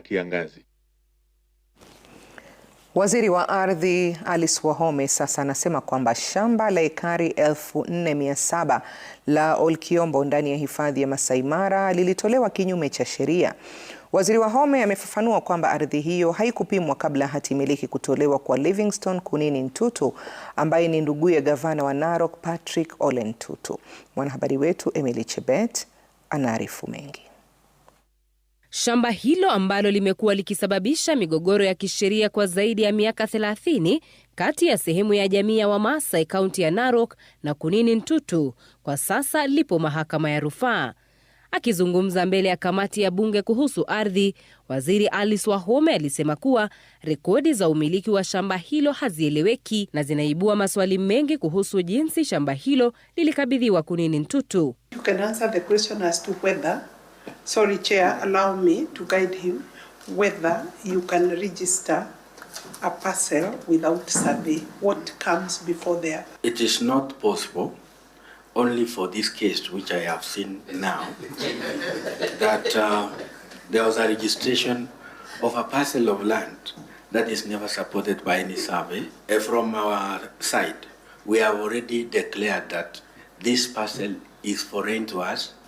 kiangazi. Waziri wa Ardhi Alice Wahome sasa anasema kwamba shamba la ekari 4700 la Olkiombo ndani ya hifadhi ya Masai Mara lilitolewa kinyume cha sheria. Waziri Wahome amefafanua kwamba ardhi hiyo haikupimwa kabla hati miliki kutolewa kwa Livingstone Kunini Ntutu ambaye ni ya gavana wa Narok Patrick Ole Ntutu. Mwanahabari wetu Emily Chebet anaarifu mengi. Shamba hilo ambalo limekuwa likisababisha migogoro ya kisheria kwa zaidi ya miaka 30 kati ya sehemu ya jamii ya Wamasai kaunti ya Narok na Kunini Ntutu kwa sasa lipo mahakama ya rufaa. Akizungumza mbele ya kamati ya bunge kuhusu ardhi, waziri Alice Wahome alisema kuwa rekodi za umiliki wa shamba hilo hazieleweki na zinaibua maswali mengi kuhusu jinsi shamba hilo lilikabidhiwa Kunini Ntutu. You can sorry chair, allow me to guide him whether you can register a parcel without survey, what comes before there? It is not possible, only for this case which I have seen now, that uh, there was a registration of a parcel of land that is never supported by any survey. Uh, from our side, we have already declared that this parcel is foreign to us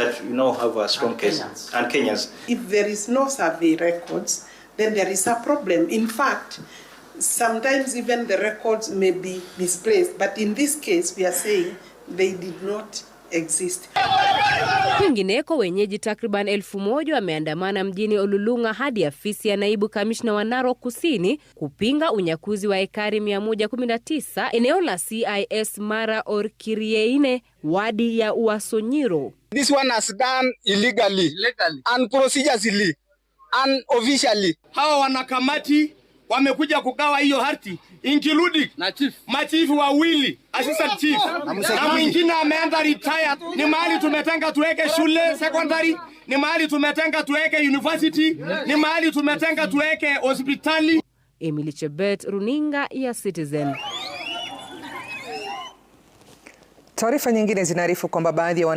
that now have a strong and case. Kenyans. And Kenyans. If there is no survey records, then there is a problem. In fact, sometimes even the records may be misplaced, but in this case, we are saying they did not exist. Kwingineko, wenyeji takriban elfu moja wameandamana mjini Olulunga hadi afisi ya naibu kamishna wa Narok Kusini kupinga unyakuzi wa ekari 119 eneo la CIS Mara Orkirieine, wadi ya Uasonyiro. This one has done illegally and procedurally and officially. Hawa wanakamati wamekuja kugawa hiyo hati inkiludi machifu wawili assistant chief na mwingine ameenda retire. Ni mahali tumetenga tuweke shule secondary, ni mahali tumetenga tuweke university, ni mahali tumetenga tuweke hospitali. Emily Chebet, runinga ya Citizen. Taarifa nyingine zinaarifu kwamba baadhi ya